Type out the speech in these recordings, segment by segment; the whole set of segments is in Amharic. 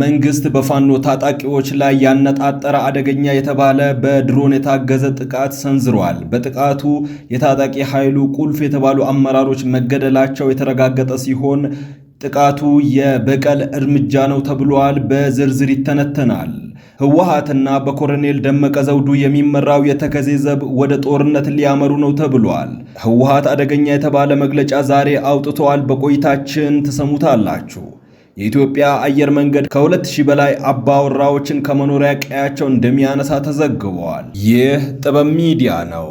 መንግስት በፋኖ ታጣቂዎች ላይ ያነጣጠረ አደገኛ የተባለ በድሮን የታገዘ ጥቃት ሰንዝሯል። በጥቃቱ የታጣቂ ኃይሉ ቁልፍ የተባሉ አመራሮች መገደላቸው የተረጋገጠ ሲሆን ጥቃቱ የበቀል እርምጃ ነው ተብሏል። በዝርዝር ይተነተናል። ህወሓትና በኮሎኔል ደመቀ ዘውዱ የሚመራው የተከዜ ዘብ ወደ ጦርነት ሊያመሩ ነው ተብሏል። ህወሓት አደገኛ የተባለ መግለጫ ዛሬ አውጥተዋል። በቆይታችን ትሰሙታላችሁ። የኢትዮጵያ አየር መንገድ ከ2000 በላይ አባወራዎችን ከመኖሪያ ቀያቸው እንደሚያነሳ ተዘግቧል። ይህ ጥበብ ሚዲያ ነው።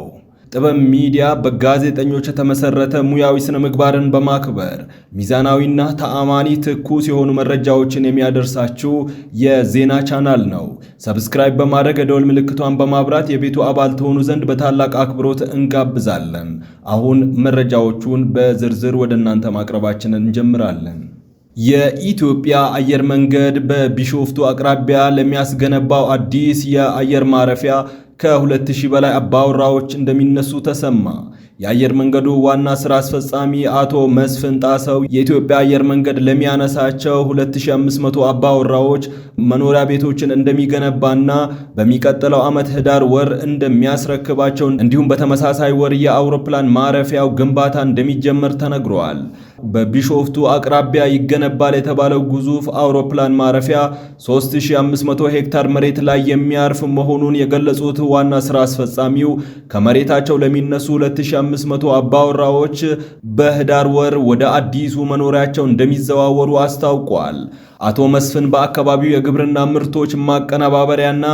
ጥበብ ሚዲያ በጋዜጠኞች የተመሰረተ ሙያዊ ስነ ምግባርን በማክበር ሚዛናዊና ተአማኒ ትኩስ የሆኑ መረጃዎችን የሚያደርሳችሁ የዜና ቻናል ነው። ሰብስክራይብ በማድረግ የደወል ምልክቷን በማብራት የቤቱ አባል ትሆኑ ዘንድ በታላቅ አክብሮት እንጋብዛለን። አሁን መረጃዎቹን በዝርዝር ወደ እናንተ ማቅረባችንን እንጀምራለን። የኢትዮጵያ አየር መንገድ በቢሾፍቱ አቅራቢያ ለሚያስገነባው አዲስ የአየር ማረፊያ ከ2000 በላይ አባወራዎች እንደሚነሱ ተሰማ። የአየር መንገዱ ዋና ሥራ አስፈጻሚ አቶ መስፍን ጣሰው የኢትዮጵያ አየር መንገድ ለሚያነሳቸው 2500 አባወራዎች መኖሪያ ቤቶችን እንደሚገነባና በሚቀጥለው ዓመት ህዳር ወር እንደሚያስረክባቸው እንዲሁም በተመሳሳይ ወር የአውሮፕላን ማረፊያው ግንባታ እንደሚጀመር ተነግረዋል። በቢሾፍቱ አቅራቢያ ይገነባል የተባለው ግዙፍ አውሮፕላን ማረፊያ 3500 ሄክታር መሬት ላይ የሚያርፍ መሆኑን የገለጹት ዋና ስራ አስፈጻሚው ከመሬታቸው ለሚነሱ 2500 አባወራዎች በህዳር ወር ወደ አዲሱ መኖሪያቸው እንደሚዘዋወሩ አስታውቋል። አቶ መስፍን በአካባቢው የግብርና ምርቶች ማቀነባበሪያና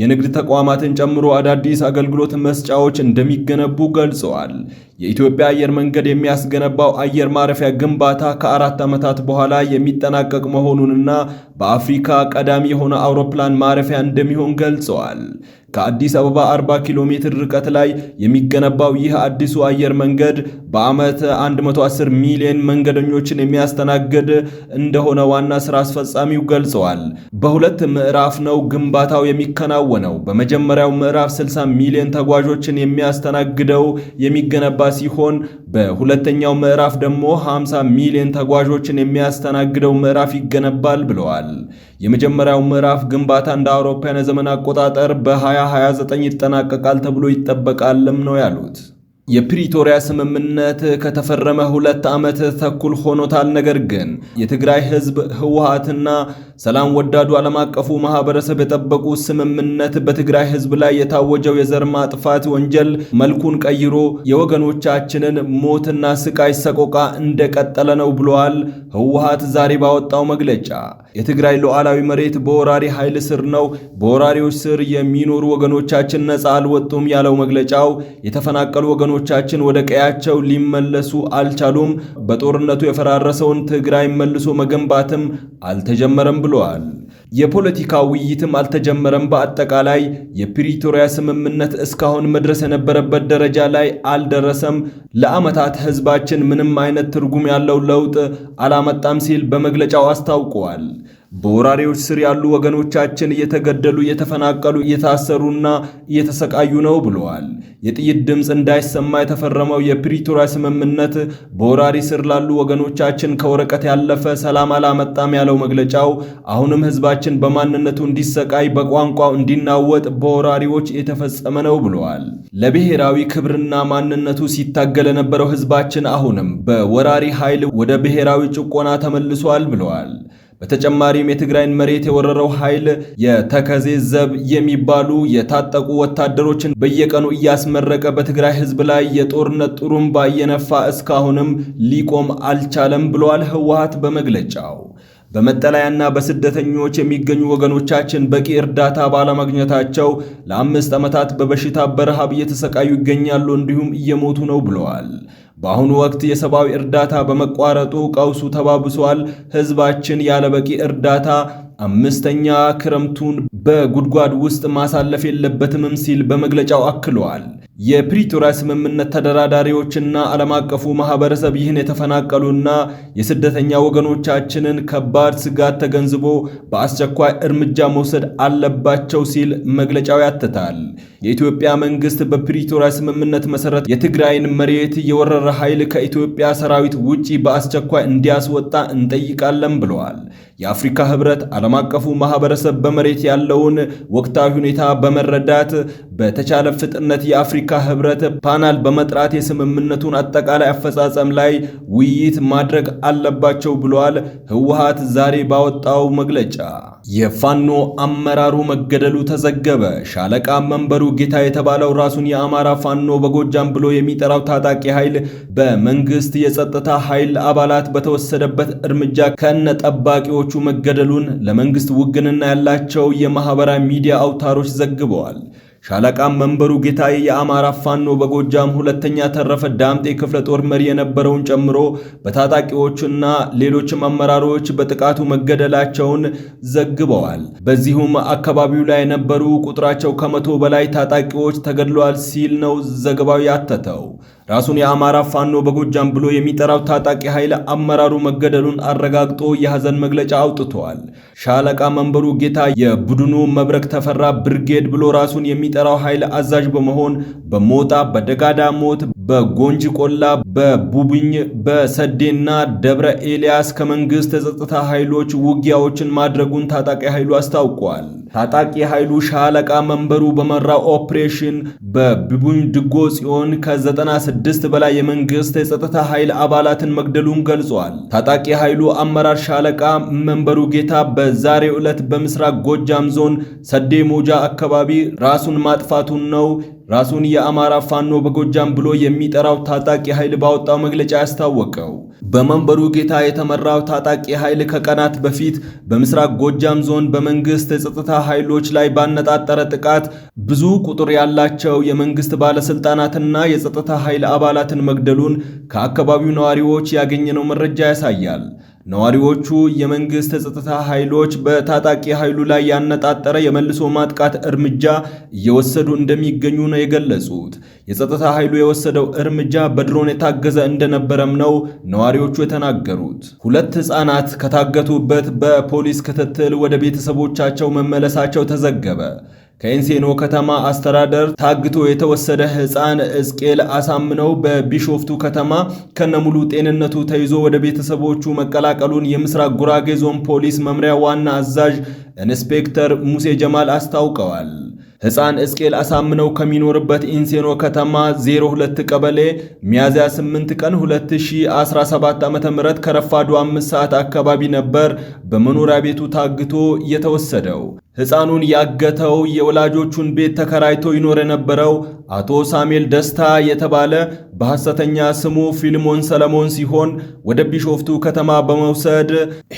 የንግድ ተቋማትን ጨምሮ አዳዲስ አገልግሎት መስጫዎች እንደሚገነቡ ገልጸዋል። የኢትዮጵያ አየር መንገድ የሚያስገነባው አየር ማረፊያ ግንባታ ከአራት ዓመታት በኋላ የሚጠናቀቅ መሆኑንና በአፍሪካ ቀዳሚ የሆነ አውሮፕላን ማረፊያ እንደሚሆን ገልጸዋል። ከአዲስ አበባ 40 ኪሎ ሜትር ርቀት ላይ የሚገነባው ይህ አዲሱ አየር መንገድ በዓመት 110 ሚሊዮን መንገደኞችን የሚያስተናግድ እንደሆነ ዋና ስራ አስፈጻሚው ገልጸዋል። በሁለት ምዕራፍ ነው ግንባታው የሚከናወ የሚከናወነው በመጀመሪያው ምዕራፍ 60 ሚሊዮን ተጓዦችን የሚያስተናግደው የሚገነባ ሲሆን በሁለተኛው ምዕራፍ ደግሞ 50 ሚሊዮን ተጓዦችን የሚያስተናግደው ምዕራፍ ይገነባል ብለዋል። የመጀመሪያው ምዕራፍ ግንባታ እንደ አውሮፓውያን ዘመን አቆጣጠር በ2029 ይጠናቀቃል ተብሎ ይጠበቃልም ነው ያሉት። የፕሪቶሪያ ስምምነት ከተፈረመ ሁለት ዓመት ተኩል ሆኖታል። ነገር ግን የትግራይ ሕዝብ ህወሓትና ሰላም ወዳዱ ዓለም አቀፉ ማህበረሰብ የጠበቁ ስምምነት በትግራይ ሕዝብ ላይ የታወጀው የዘር ማጥፋት ወንጀል መልኩን ቀይሮ የወገኖቻችንን ሞትና ስቃይ ሰቆቃ እንደቀጠለ ነው ብለዋል። ህወሓት ዛሬ ባወጣው መግለጫ የትግራይ ሉዓላዊ መሬት በወራሪ ኃይል ስር ነው፣ በወራሪዎች ስር የሚኖሩ ወገኖቻችን ነፃ አልወጡም ያለው መግለጫው የተፈናቀሉ ወገኖ ወገኖቻችን ወደ ቀያቸው ሊመለሱ አልቻሉም። በጦርነቱ የፈራረሰውን ትግራይ መልሶ መገንባትም አልተጀመረም ብለዋል። የፖለቲካ ውይይትም አልተጀመረም። በአጠቃላይ የፕሪቶሪያ ስምምነት እስካሁን መድረስ የነበረበት ደረጃ ላይ አልደረሰም። ለዓመታት ህዝባችን ምንም አይነት ትርጉም ያለው ለውጥ አላመጣም ሲል በመግለጫው አስታውቀዋል። በወራሪዎች ስር ያሉ ወገኖቻችን እየተገደሉ እየተፈናቀሉ እየታሰሩና እየተሰቃዩ ነው ብለዋል። የጥይት ድምፅ እንዳይሰማ የተፈረመው የፕሪቶሪያ ስምምነት በወራሪ ስር ላሉ ወገኖቻችን ከወረቀት ያለፈ ሰላም አላመጣም ያለው መግለጫው አሁንም ሕዝባችን በማንነቱ እንዲሰቃይ፣ በቋንቋው እንዲናወጥ በወራሪዎች የተፈጸመ ነው ብለዋል። ለብሔራዊ ክብርና ማንነቱ ሲታገል የነበረው ሕዝባችን አሁንም በወራሪ ኃይል ወደ ብሔራዊ ጭቆና ተመልሷል ብለዋል። በተጨማሪም የትግራይን መሬት የወረረው ኃይል የተከዜ ዘብ የሚባሉ የታጠቁ ወታደሮችን በየቀኑ እያስመረቀ በትግራይ ሕዝብ ላይ የጦርነት ጡሩምባ እየነፋ እስካሁንም ሊቆም አልቻለም ብለዋል ህወሓት በመግለጫው። በመጠለያና በስደተኞች የሚገኙ ወገኖቻችን በቂ እርዳታ ባለማግኘታቸው ለአምስት ዓመታት በበሽታ በረሃብ እየተሰቃዩ ይገኛሉ፣ እንዲሁም እየሞቱ ነው ብለዋል። በአሁኑ ወቅት የሰብአዊ እርዳታ በመቋረጡ ቀውሱ ተባብሷል። ህዝባችን ያለበቂ እርዳታ አምስተኛ ክረምቱን በጉድጓድ ውስጥ ማሳለፍ የለበትምም ሲል በመግለጫው አክለዋል። የፕሪቶሪያ ስምምነት ተደራዳሪዎችና ዓለም አቀፉ ማህበረሰብ ይህን የተፈናቀሉና የስደተኛ ወገኖቻችንን ከባድ ስጋት ተገንዝቦ በአስቸኳይ እርምጃ መውሰድ አለባቸው ሲል መግለጫው ያትታል። የኢትዮጵያ መንግስት በፕሪቶሪያ ስምምነት መሰረት የትግራይን መሬት የወረረ የባህር ኃይል ከኢትዮጵያ ሰራዊት ውጪ በአስቸኳይ እንዲያስወጣ እንጠይቃለን ብለዋል። የአፍሪካ ህብረት ዓለም አቀፉ ማህበረሰብ በመሬት ያለውን ወቅታዊ ሁኔታ በመረዳት በተቻለ ፍጥነት የአፍሪካ ህብረት ፓናል በመጥራት የስምምነቱን አጠቃላይ አፈጻጸም ላይ ውይይት ማድረግ አለባቸው ብለዋል። ህወሓት ዛሬ ባወጣው መግለጫ የፋኖ አመራሩ መገደሉ ተዘገበ። ሻለቃ መንበሩ ጌታ የተባለው ራሱን የአማራ ፋኖ በጎጃም ብሎ የሚጠራው ታጣቂ ኃይል በመንግስት የጸጥታ ኃይል አባላት በተወሰደበት እርምጃ ከነ ጠባቂዎቹ መገደሉን ለመንግስት ውግንና ያላቸው የማህበራዊ ሚዲያ አውታሮች ዘግበዋል። ሻለቃም መንበሩ ጌታዬ የአማራ ፋኖ በጎጃም ሁለተኛ ተረፈ ዳምጤ ክፍለ ጦር መሪ የነበረውን ጨምሮ በታጣቂዎችና ሌሎችም አመራሮች በጥቃቱ መገደላቸውን ዘግበዋል። በዚሁም አካባቢው ላይ የነበሩ ቁጥራቸው ከመቶ በላይ ታጣቂዎች ተገድለዋል ሲል ነው ዘገባው ያተተው። ራሱን የአማራ ፋኖ በጎጃም ብሎ የሚጠራው ታጣቂ ኃይል አመራሩ መገደሉን አረጋግጦ የሐዘን መግለጫ አውጥተዋል። ሻለቃ መንበሩ ጌታ የቡድኑ መብረክ ተፈራ ብርጌድ ብሎ ራሱን የሚ የሚጠራው ኃይል አዛዥ በመሆን በሞጣ በደጋ በጎንጂ ቆላ፣ በቡብኝ፣ በሰዴና ደብረ ኤልያስ ከመንግስት የጸጥታ ኃይሎች ውጊያዎችን ማድረጉን ታጣቂ ኃይሉ አስታውቋል። ታጣቂ ኃይሉ ሻለቃ መንበሩ በመራ ኦፕሬሽን በቡብኝ ድጎ ጽዮን ከ96 በላይ የመንግስት የጸጥታ ኃይል አባላትን መግደሉን ገልጿል። ታጣቂ ኃይሉ አመራር ሻለቃ መንበሩ ጌታ በዛሬ ዕለት በምስራቅ ጎጃም ዞን ሰዴ ሞጃ አካባቢ ራሱን ማጥፋቱን ነው ራሱን የአማራ ፋኖ በጎጃም ብሎ የሚጠራው ታጣቂ ኃይል ባወጣው መግለጫ ያስታወቀው በመንበሩ ጌታ የተመራው ታጣቂ ኃይል ከቀናት በፊት በምስራቅ ጎጃም ዞን በመንግስት የጸጥታ ኃይሎች ላይ ባነጣጠረ ጥቃት ብዙ ቁጥር ያላቸው የመንግስት ባለስልጣናትና የጸጥታ ኃይል አባላትን መግደሉን ከአካባቢው ነዋሪዎች ያገኘነው መረጃ ያሳያል። ነዋሪዎቹ የመንግስት ጸጥታ ኃይሎች በታጣቂ ኃይሉ ላይ ያነጣጠረ የመልሶ ማጥቃት እርምጃ እየወሰዱ እንደሚገኙ ነው የገለጹት። የጸጥታ ኃይሉ የወሰደው እርምጃ በድሮን የታገዘ እንደነበረም ነው ነዋሪዎቹ የተናገሩት። ሁለት ህፃናት ከታገቱበት በፖሊስ ክትትል ወደ ቤተሰቦቻቸው መመለሳቸው ተዘገበ። ከኢንሴኖ ከተማ አስተዳደር ታግቶ የተወሰደ ህፃን እዝቄል አሳምነው በቢሾፍቱ ከተማ ከነሙሉ ጤንነቱ ተይዞ ወደ ቤተሰቦቹ መቀላቀሉን የምስራቅ ጉራጌ ዞን ፖሊስ መምሪያ ዋና አዛዥ ኢንስፔክተር ሙሴ ጀማል አስታውቀዋል። ሕፃን እስቄል አሳምነው ከሚኖርበት ኢንሴኖ ከተማ 02 ቀበሌ ሚያዝያ 8 ቀን 2017 ዓ.ም ከረፋዱ 5 ሰዓት አካባቢ ነበር በመኖሪያ ቤቱ ታግቶ የተወሰደው። ሕፃኑን ያገተው የወላጆቹን ቤት ተከራይቶ ይኖር የነበረው አቶ ሳሙኤል ደስታ የተባለ በሐሰተኛ ስሙ ፊልሞን ሰለሞን ሲሆን ወደ ቢሾፍቱ ከተማ በመውሰድ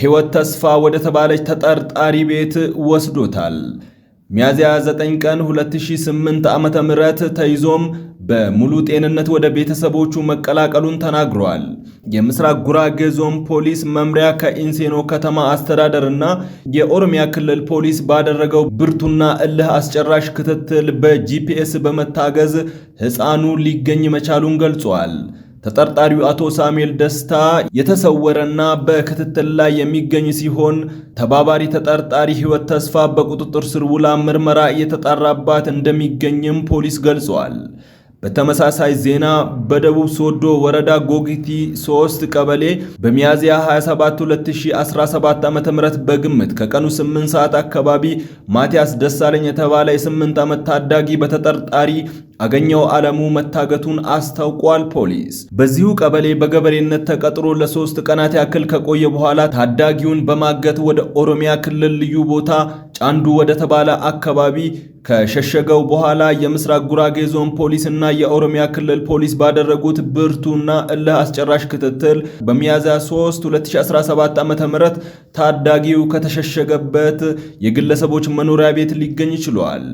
ሕይወት ተስፋ ወደ ተባለች ተጠርጣሪ ቤት ወስዶታል። ሚያዝያ 9 ቀን 2008 ዓ ም ተይዞም በሙሉ ጤንነት ወደ ቤተሰቦቹ መቀላቀሉን ተናግረዋል። የምስራቅ ጉራጌ ዞን ፖሊስ መምሪያ ከኢንሴኖ ከተማ አስተዳደርና የኦሮሚያ ክልል ፖሊስ ባደረገው ብርቱና እልህ አስጨራሽ ክትትል በጂፒኤስ በመታገዝ ሕፃኑ ሊገኝ መቻሉን ገልጿል። ተጠርጣሪው አቶ ሳሙኤል ደስታ የተሰወረና በክትትል ላይ የሚገኝ ሲሆን ተባባሪ ተጠርጣሪ ህይወት ተስፋ በቁጥጥር ስር ውላ ምርመራ እየተጣራባት እንደሚገኝም ፖሊስ ገልጿል። በተመሳሳይ ዜና በደቡብ ሶዶ ወረዳ ጎጊቲ 3 ቀበሌ በሚያዝያ 27 2017 ዓ.ም በግምት ከቀኑ 8 ሰዓት አካባቢ ማቲያስ ደሳለኝ የተባለ የ8 ዓመት ታዳጊ በተጠርጣሪ አገኘው ዓለሙ መታገቱን አስታውቋል። ፖሊስ በዚሁ ቀበሌ በገበሬነት ተቀጥሮ ለሶስት ቀናት ያክል ከቆየ በኋላ ታዳጊውን በማገት ወደ ኦሮሚያ ክልል ልዩ ቦታ ጫንዱ ወደ ተባለ አካባቢ ከሸሸገው በኋላ የምስራቅ ጉራጌ ዞን እና የኦሮሚያ ክልል ፖሊስ ባደረጉት ብርቱና እልህ አስጨራሽ ክትትል በሚያዝያ 3 2017 ዓ.ም ታዳጊው ከተሸሸገበት የግለሰቦች መኖሪያ ቤት ሊገኝ ችሏል።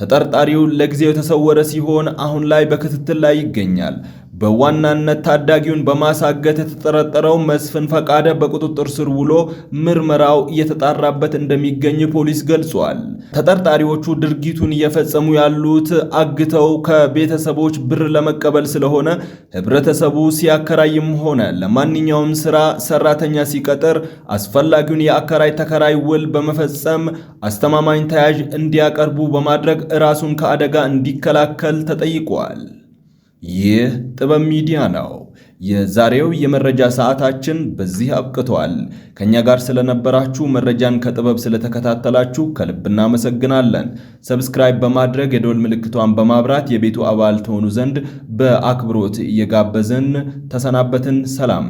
ተጠርጣሪው ለጊዜው የተሰወረ ሲሆን አሁን ላይ በክትትል ላይ ይገኛል። በዋናነት ታዳጊውን በማሳገት የተጠረጠረው መስፍን ፈቃደ በቁጥጥር ስር ውሎ ምርመራው እየተጣራበት እንደሚገኝ ፖሊስ ገልጿል። ተጠርጣሪዎቹ ድርጊቱን እየፈጸሙ ያሉት አግተው ከቤተሰቦች ብር ለመቀበል ስለሆነ ህብረተሰቡ ሲያከራይም ሆነ ለማንኛውም ስራ ሰራተኛ ሲቀጥር አስፈላጊውን የአከራይ ተከራይ ውል በመፈጸም አስተማማኝ ተያዥ እንዲያቀርቡ በማድረግ ራሱን ከአደጋ እንዲከላከል ተጠይቋል። ይህ ጥበብ ሚዲያ ነው። የዛሬው የመረጃ ሰዓታችን በዚህ አብቅቷል። ከእኛ ጋር ስለነበራችሁ መረጃን ከጥበብ ስለተከታተላችሁ ከልብ እናመሰግናለን። ሰብስክራይብ በማድረግ የደወል ምልክቷን በማብራት የቤቱ አባል ትሆኑ ዘንድ በአክብሮት እየጋበዝን ተሰናበትን። ሰላም